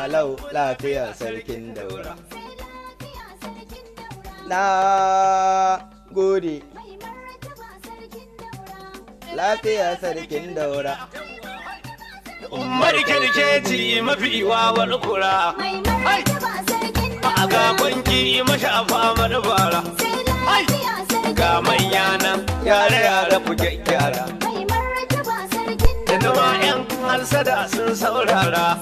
Alau lafiya sarkin daura. Na gode. Lafiya sarkin daura. Umar kirkeci mafi wawar kura. A ga kwanki mashafa manubara. Ga manya nan yare yare ku gyara. Da numa 'yan halsada sun saurara.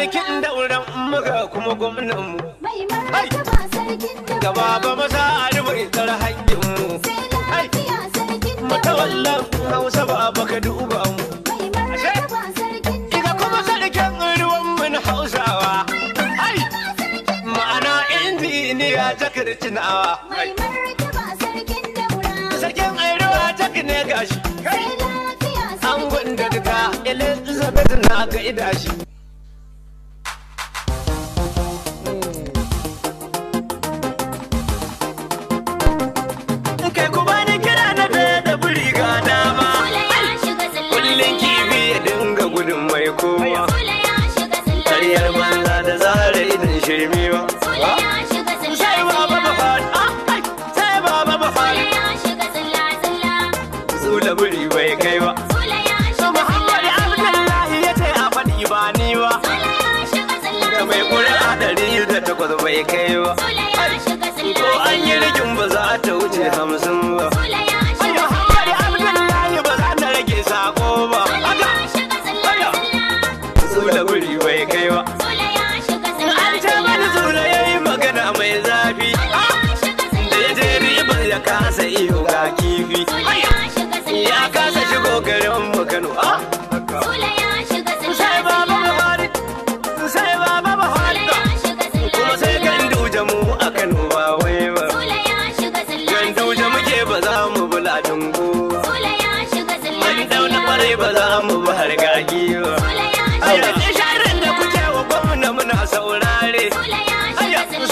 sarkin dauran muka kuma gwamnan mu mai martaba sarkin gaba ba maza a rubu itar hanyar mu sai lafiya sarkin Mata wallan hausa ba baka duba mu sarkin awa. Mai sarkin daura. Sarkin ne gashi. An gwanda duka Elizabeth na ga idashi. shirme ba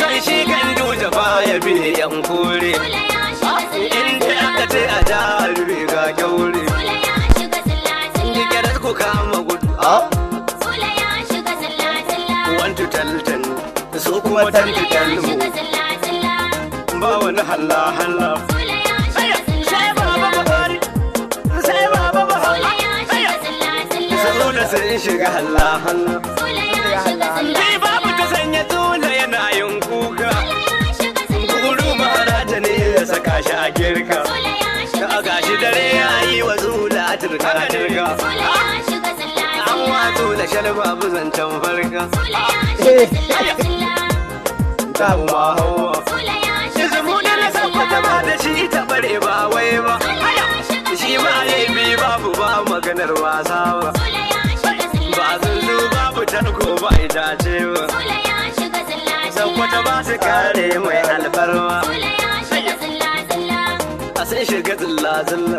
san shi kan doja baya bi yan kore inda aka ce a jihar riga kyaure dikirar ku kama gudu wantu taltan su kuma tantan mu ba wani halla halla sai shiga halla halla turka turka an wato da shalba buzancan farka ta ma hawa izmu da na sabbata ba da shi ta bare ba wai ba shi ma laifi babu ba maganar wasa ba ba zunzu babu tarko ba itace ba sabbata ba su kare mai alfarma a sun shiga zilla zilla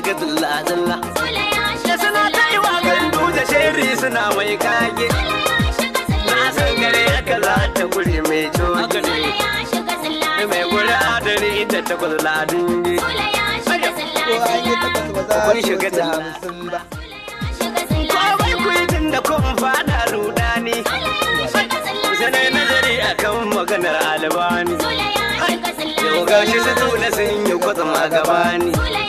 shiga dalla-dalla. Da suna ta yi wa gandu da shiri suna mai kage. Na san gare aka lata guri mai coki. Mai guri adari ita ta kwalla dinge. Kun shiga dalla. Kawai kuitin da kun fada rudani. Sanai nazari akan maganar albani. Yau gashi su tuna sun yi kwatsam a gabani.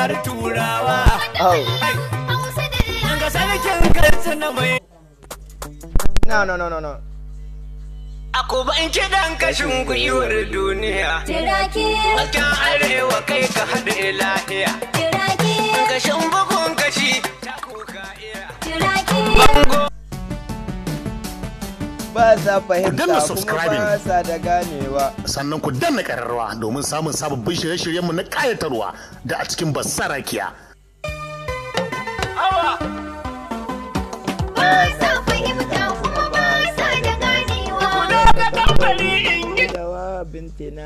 har turawa ga sarkin kansu na mai no no no no no Ako ban ce dan kashin gwiwar duniya. Jiraki. Hasken arewa kai ka haɗe lahiya. Tiraki. Kashin bugun kashi ta kuka iya. Jiraki. Bango ba sa fahimta kuma ba sa da ganewa sannan ku danna ƙararrawa domin samun sababbin shirye-shiryenmu na kayatarwa da a cikin basarakiya awa ba sa fahimta kuma ba sa da ganewa ku in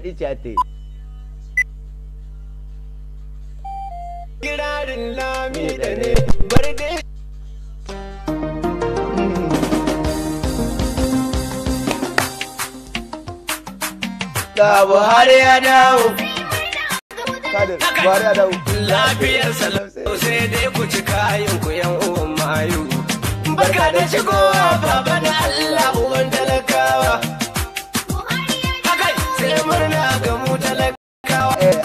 daɗi ce Girarin lami da ne bar dai ga buhari ya dawo buhari ya dawo lafiyar salam sai dai ku ci yin ku yan uwan mayu barka da shigowa baba da allah uban talakawa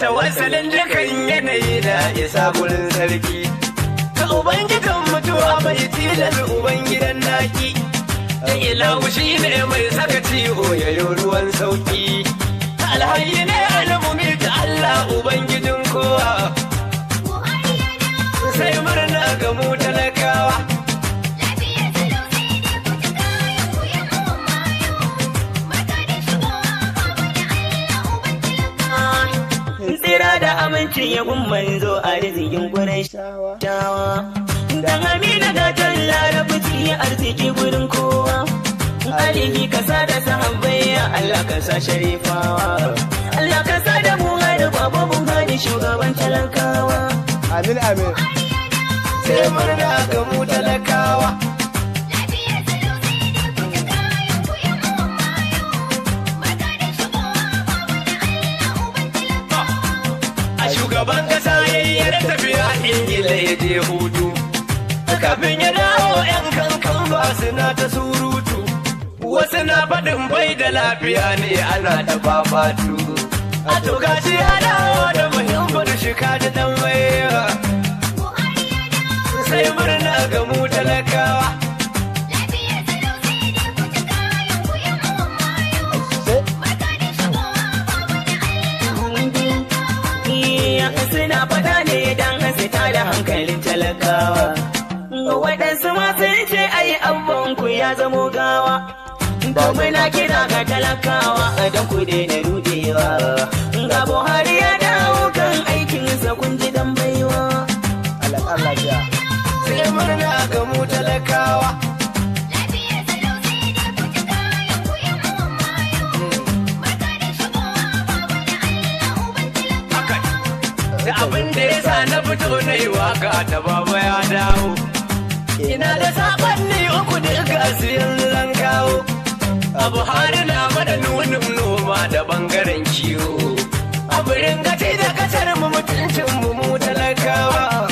Ta tawassalin dukan yanayi na isa gurin sarki ka ubangidan mutuwa mai tilar ubangidan naki ta ila wushi ne mai saka ciwo yi ruwan sauki alhayi ne alamumi ta Allah ubangijin kowa sai murna ga mu tsira da amincin ya gumman zo a rizikin gurin shawa. Dan Amina ga can larabci arziki gurin kowa. Alihi ka sa da sahabbai Allah ka sa sharifawa. Allah ka sa da buga da babu mu da shugaban talakawa. Amin amin. Sai murna ga mu talakawa. hutu kafin ya dawo yan kankan ba suna ta surutu wasu na faɗin bai da lafiya ne ana ta babatu a to gashi ya dawo da muhimmin shika da dan sai murna ga mu talakawa suna talakawa. Waɗansu ma sun ce ai abbanku ya zamo gawa. Da muna kira ga talakawa don ku daina rudewa. Ga Buhari ya dawo kan aikinsa kun ji dan baiwa. Allah ja. Sai murna ga mu talakawa. abin da ya fito na yi waka da baba ya dawo ina da saƙonni uku da ga su yanzu zan a buhari na mada nunin noma da bangaren kiwo Abu birin da kasar mu mutuncin mu mu talakawa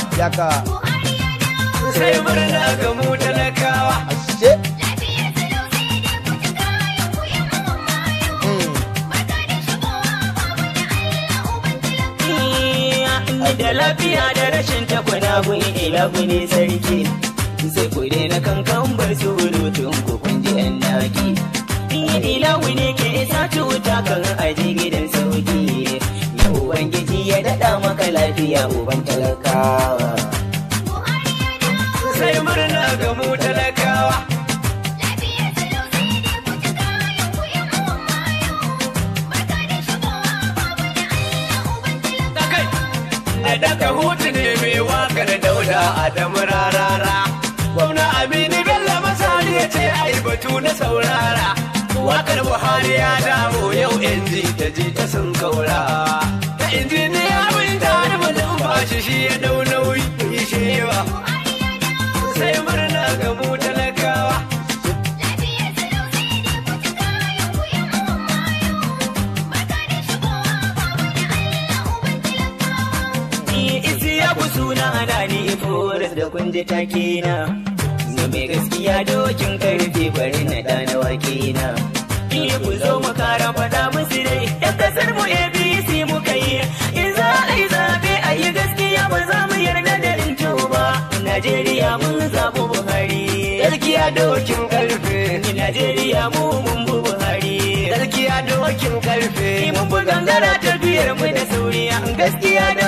sai murna ga mu talakawa da lafiya da rashin ta kuna gun ila ne sarki sai ku na kankan bar su rutun ku kun ji yan naki ila ne ke isa cuta kan aji gidan sauki Yau ubangiji ya daɗa maka lafiya uban talakawa sai murna ga mu talaka da daga hutu ne mai wakar dauda adamu rarara gwamna aminu bello Masari ya ce ai batu na saurara wakar buhari ya dawo yau inji ta ji ta sun kaura ta injiniya bin tare ba shi ya dau nauyi shewa ya ku suna ana ni forest da kun ji take na na mai gaskiya dokin karfe bari na da na wake na in ku zo mu kara faɗa musu dai yan kasar mu abc muka yi in za a yi zaɓe a yi gaskiya ba za mu yarda da rinto ba najeriya mun zaɓi buhari gaskiya dokin karfe najeriya mu mun bu buhari gaskiya dokin karfe mun bu gangara tafiyar mu da sauriya gaskiya dokin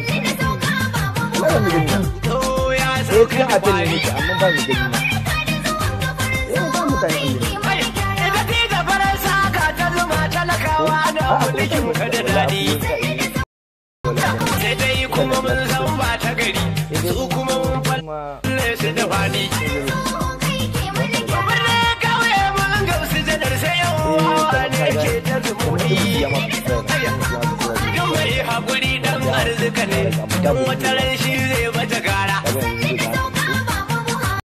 matan ne ka amma ba mu gani na ba mutane Allah idan da faransa ka ta zuma talakawa da mulkin ka da dadi sai dai kuma mun san ba ta gari su kuma mun fal ne su da fani Hakuri dan arzika ne, wata